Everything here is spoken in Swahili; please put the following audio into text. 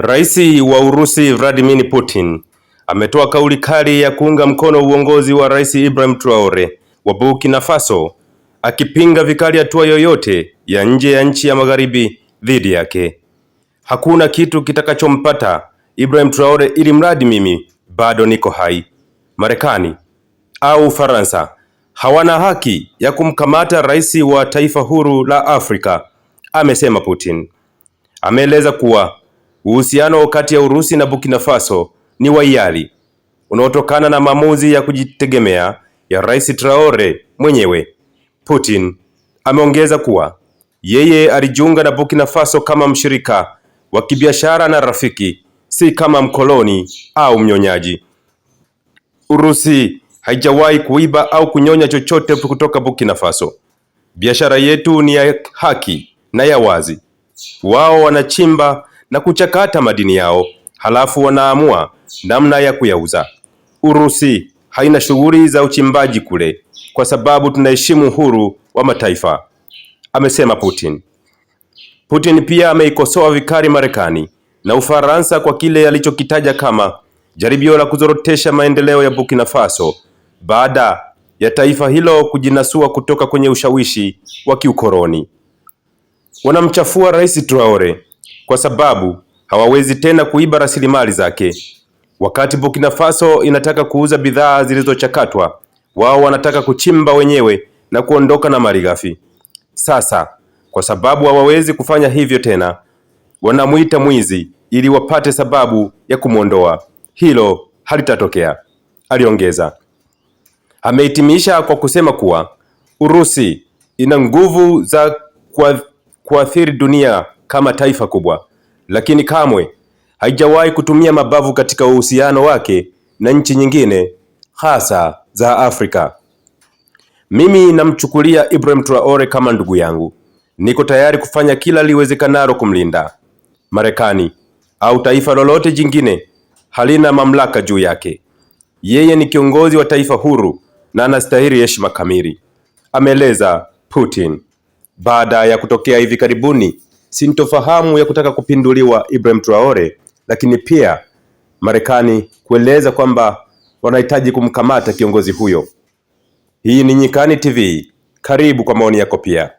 Rais wa Urusi Vladimir Putin ametoa kauli kali ya kuunga mkono uongozi wa Rais Ibrahim Traore wa Burkina Faso akipinga vikali hatua yoyote ya nje ya nchi ya magharibi dhidi yake. Hakuna kitu kitakachompata Ibrahim Traore ili mradi mimi bado niko hai. Marekani au Ufaransa hawana haki ya kumkamata rais wa taifa huru la Afrika, amesema Putin. Ameeleza kuwa Uhusiano kati ya Urusi na Burkina Faso ni wa hiari unaotokana na maamuzi ya kujitegemea ya Rais Traore mwenyewe. Putin ameongeza kuwa yeye alijiunga na Burkina Faso kama mshirika wa kibiashara na rafiki, si kama mkoloni au mnyonyaji. Urusi haijawahi kuiba au kunyonya chochote kutoka Burkina Faso. Biashara yetu ni ya haki na ya wazi. Wao wanachimba na kuchakata madini yao, halafu wanaamua namna ya kuyauza. Urusi haina shughuli za uchimbaji kule kwa sababu tunaheshimu uhuru wa mataifa, amesema Putin. Putin pia ameikosoa vikali Marekani na Ufaransa kwa kile alichokitaja kama jaribio la kuzorotesha maendeleo ya Burkina Faso baada ya taifa hilo kujinasua kutoka kwenye ushawishi wa kiukoloni. Wanamchafua Rais Traore kwa sababu hawawezi tena kuiba rasilimali zake. Wakati Burkina Faso inataka kuuza bidhaa zilizochakatwa, wao wanataka kuchimba wenyewe na kuondoka na malighafi. Sasa kwa sababu hawawezi kufanya hivyo tena, wanamwita mwizi ili wapate sababu ya kumwondoa. Hilo halitatokea, aliongeza. Amehitimisha kwa kusema kuwa Urusi ina nguvu za kuathiri dunia kama taifa kubwa, lakini kamwe haijawahi kutumia mabavu katika uhusiano wake na nchi nyingine hasa za Afrika. Mimi namchukulia Ibrahim Traore kama ndugu yangu. Niko tayari kufanya kila liwezekanalo kumlinda. Marekani au taifa lolote jingine halina mamlaka juu yake. Yeye ni kiongozi wa taifa huru na anastahili heshima kamili, ameeleza Putin baada ya kutokea hivi karibuni sintofahamu ya kutaka kupinduliwa Ibrahim Traore, lakini pia Marekani kueleza kwamba wanahitaji kumkamata kiongozi huyo. Hii ni Nyikani TV, karibu kwa maoni yako pia.